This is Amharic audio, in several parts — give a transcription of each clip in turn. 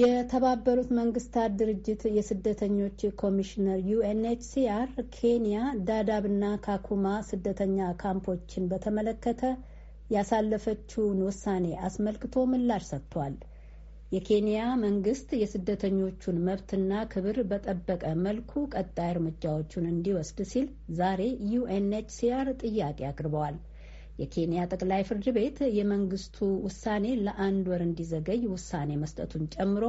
የተባበሩት መንግስታት ድርጅት የስደተኞች ኮሚሽነር ዩኤንኤችሲአር ኬንያ ዳዳብና ካኩማ ስደተኛ ካምፖችን በተመለከተ ያሳለፈችውን ውሳኔ አስመልክቶ ምላሽ ሰጥቷል። የኬንያ መንግስት የስደተኞቹን መብትና ክብር በጠበቀ መልኩ ቀጣይ እርምጃዎቹን እንዲወስድ ሲል ዛሬ ዩኤንኤችሲአር ጥያቄ አቅርበዋል። የኬንያ ጠቅላይ ፍርድ ቤት የመንግስቱ ውሳኔ ለአንድ ወር እንዲዘገይ ውሳኔ መስጠቱን ጨምሮ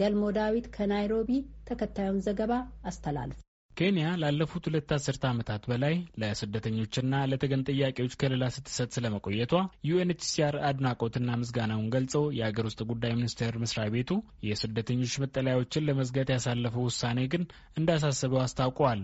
ገልሞ ዳዊት ከናይሮቢ ተከታዩን ዘገባ አስተላልፏል። ኬንያ ላለፉት ሁለት አስርተ ዓመታት በላይ ለስደተኞችና ለተገን ጥያቄዎች ከለላ ስትሰጥ ስለመቆየቷ ዩኤንኤችሲአር አድናቆትና ምስጋናውን ገልጾ የአገር ውስጥ ጉዳይ ሚኒስቴር መስሪያ ቤቱ የስደተኞች መጠለያዎችን ለመዝጋት ያሳለፈው ውሳኔ ግን እንዳሳሰበው አስታውቀዋል።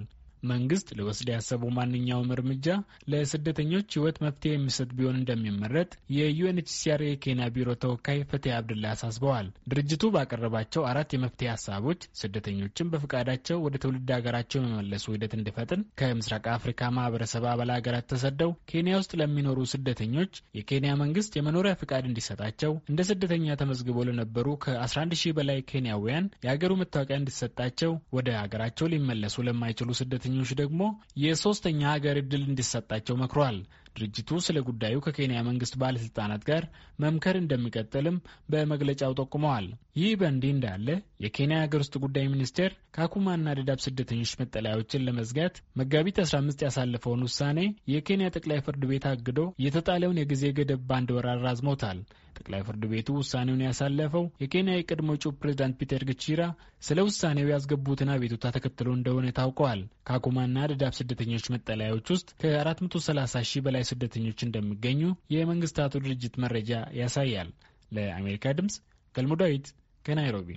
መንግስት ለወስደ ያሰበው ማንኛውም እርምጃ ለስደተኞች ህይወት መፍትሄ የሚሰጥ ቢሆን እንደሚመረጥ የዩኤንኤችሲአር የኬንያ ቢሮ ተወካይ ፈቴ አብድላ አሳስበዋል። ድርጅቱ ባቀረባቸው አራት የመፍትሄ ሀሳቦች ስደተኞችን በፈቃዳቸው ወደ ትውልድ ሀገራቸው የመመለሱ ሂደት እንዲፈጥን ከምስራቅ አፍሪካ ማህበረሰብ አባል ሀገራት ተሰደው ኬንያ ውስጥ ለሚኖሩ ስደተኞች የኬንያ መንግስት የመኖሪያ ፍቃድ እንዲሰጣቸው፣ እንደ ስደተኛ ተመዝግበው ለነበሩ ከ11 ሺህ በላይ ኬንያውያን የሀገሩ መታወቂያ እንዲሰጣቸው፣ ወደ ሀገራቸው ሊመለሱ ለማይችሉ ስደተኞች ሰራተኞች ደግሞ የሶስተኛ ሀገር ዕድል እንዲሰጣቸው መክሯል። ድርጅቱ ስለ ጉዳዩ ከኬንያ መንግስት ባለስልጣናት ጋር መምከር እንደሚቀጥልም በመግለጫው ጠቁመዋል። ይህ በእንዲህ እንዳለ የኬንያ ሀገር ውስጥ ጉዳይ ሚኒስቴር ካኩማና ደዳብ ስደተኞች መጠለያዎችን ለመዝጋት መጋቢት 15 ያሳለፈውን ውሳኔ የኬንያ ጠቅላይ ፍርድ ቤት አግዶ የተጣለውን የጊዜ ገደብ በአንድ ወር አራዝሞታል። ጠቅላይ ፍርድ ቤቱ ውሳኔውን ያሳለፈው የኬንያ የቀድሞ ዕጩ ፕሬዚዳንት ፒተር ግቺራ ስለ ውሳኔው ያስገቡትን አቤቱታ ተከትሎ እንደሆነ ታውቀዋል። ካኩማና ደዳብ ስደተኞች መጠለያዎች ውስጥ ከ430 ሺህ በላይ ስደተኞች እንደሚገኙ የመንግስታቱ ድርጅት መረጃ ያሳያል። ለአሜሪካ ድምጽ ገልሞ ዳዊት ከናይሮቢ